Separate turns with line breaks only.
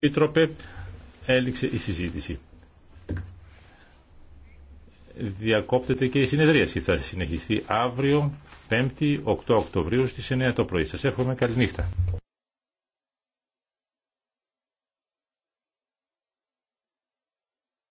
Επίτροπε, έληξε η συζήτηση. Διακόπτεται και η συνεδρίαση. Θα συνεχιστεί αύριο, 5η, 8 Οκτωβρίου στις 9 το πρωί. Σας εύχομαι καλή νύχτα.